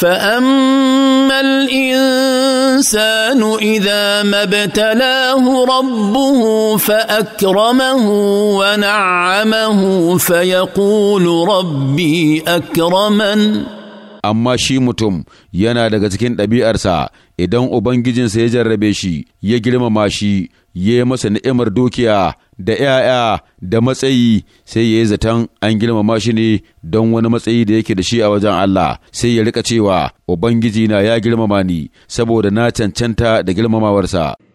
فاما الانسان اذا ما ابتلاه ربه فاكرمه ونعمه فيقول ربي اكرمن amma shi mutum yana daga cikin ɗabi'arsa idan Ubangijinsa ya jarrabe shi, ya girmama shi, ya yi masa ni'imar dukiya, da ‘ya'ya da matsayi sai ya yi zaton an girmama shi ne don wani matsayi da yake da shi a wajen Allah sai ya rika cewa Ubangiji na ya girmama ni saboda na cancanta da girmamawarsa.